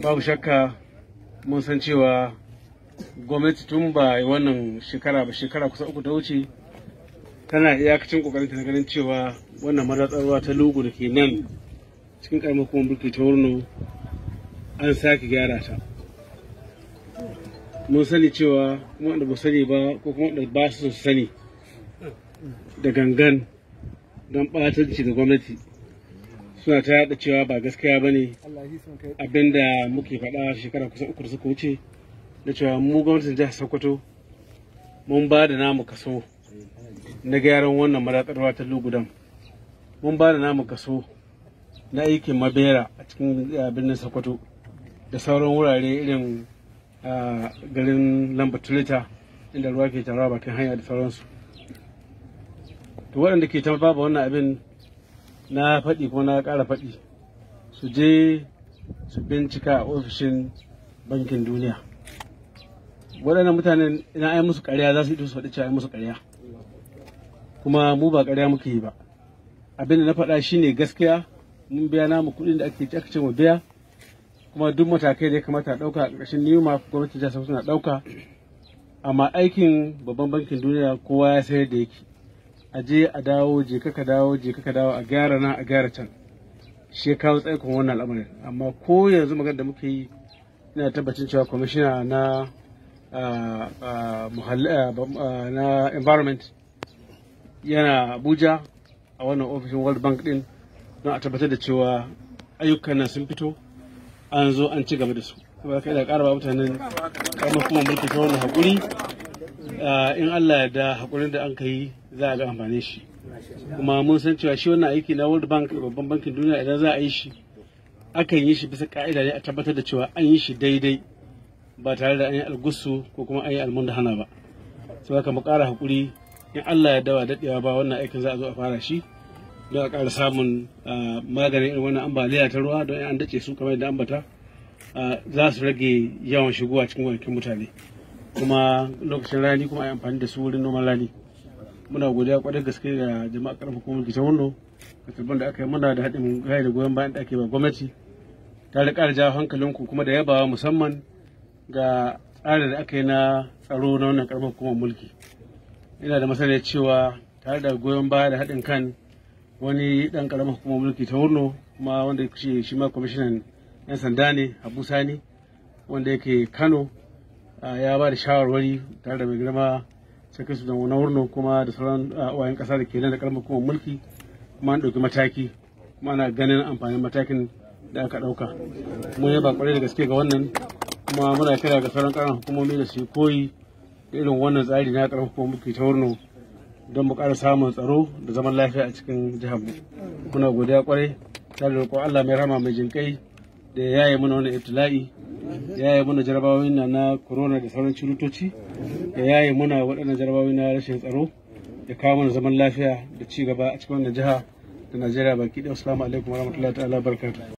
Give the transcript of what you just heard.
babu shakka mun san cewa gwamnati tun ba wannan shekara ba shekara kusa uku ta wuce tana iyakacin kokarin ta ganin cewa wannan maratsarwa ta lugu da ke nan cikin karamar kuma burki ta wurno an sake gyara ta mun sani cewa kuma wanda ba sani ba ko kuma wanda ba su sani da gangan don ɓatanci da gwamnati suna ta yada cewa ba gaskiya ba ne abinda muke faɗa shekara kusan uku da suka wuce da cewa mu gwamnatin jihar sokoto mun ba da namu kaso na gyaran wannan madatsarwa ta lugudan mun ba da namu kaso na aikin mabera a cikin eh, birnin sokoto da sauran wurare irin ah, garin lambatulita inda ruwa ke tarawa bakin hanya da sauransu to waɗanda ke tamfa ba wannan abin na faɗi kuma na ƙara faɗi su je su bincika a ofishin bankin duniya waɗannan mutanen ina ai musu ƙarya za su yi su faɗi cewa ai musu ƙarya kuma mu ba ƙarya muke yi ba abin da na faɗa shine gaskiya mun biya namu kuɗin da ake aka ce mu biya kuma duk matakai da ya kamata a ɗauka a ƙarƙashin nima gwamnatin jihar suna ɗauka amma aikin babban bankin duniya kowa ya sayar da yake a je a dawo je ka dawo je ka dawo a gyara na a gyara can shi ya kawo tsaikon wannan al'amarin amma ko yanzu magana da muka yi ina tabbacin cewa kwamishina na environment yana abuja a wannan ofishin world bank din don a tabbatar da cewa ayyukan nan sun fito an zo an ci gaba da su kuma kai da ƙara mutanen kuma kuma mulki ta wannan haƙuri Ah, in Allah ya da hakurin da an kai za a ga amfane shi kuma mun san cewa shi wannan aiki na World Bank babban bankin duniya idan za a yi shi akan yi shi bisa ka'ida ne a tabbatar da cewa an yi shi daidai ba tare da an yi algusu ko kuma an yi almunda hana ba sai haka mu ƙara hakuri in Allah ya dawa daɗewa ba wannan aikin za a zo a fara shi don a ƙara samun ah, maganin irin wannan ambaliya ta ruwa don an dace su kamar da ambata ah, za su rage yawan shigowa cikin wankin mutane kuma lokacin rani kuma a yi amfani da su wurin noman rani muna godiya kwarai gaske ga jama'a karfa kuma gita wannan kasarban da aka yi muna da haɗin gaya da goyon bayan da ake ba gwamnati ta da ƙara jawo hankalinku kuma da yabawa musamman ga tsarin da aka yi na tsaro na wannan karfa kuma mulki ina da masana cewa tare da goyon baya da haɗin kan wani ɗan ƙaramar hukumar mulki ta wurno kuma wanda shi ma kwamishinan 'yan sanda ne abu sani wanda yake kano Ah, ya ba da shawarwari tare da mai girma cikin su da wani wurin kuma da sauran ah, wayan kasa da ke nan da karamar kuma mulki kuma an ɗauki mataki kuma ana ganin amfanin matakin da aka ɗauka mun yi kwarai da gaske ga wannan kuma muna kira ga sauran karan hukumomi da su koyi irin wannan tsari na karamar hukumar mulki ta wurin don mu ƙara samun tsaro da zaman lafiya a cikin jihar mu muna godiya kwarai tare da roƙon Allah mai rama mai jinkai da ya yaye mana wannan ibtila'i ya yaye muna jarabawa na na corona da sauran cirutoci ya yaye muna waɗannan jarabawa na rashin tsaro da kawo mana zaman lafiya da ci gaba a cikin wannan jiha da Najeriya baki ɗaya. Assalamu alaikum warahmatullahi ta'ala barakatuh.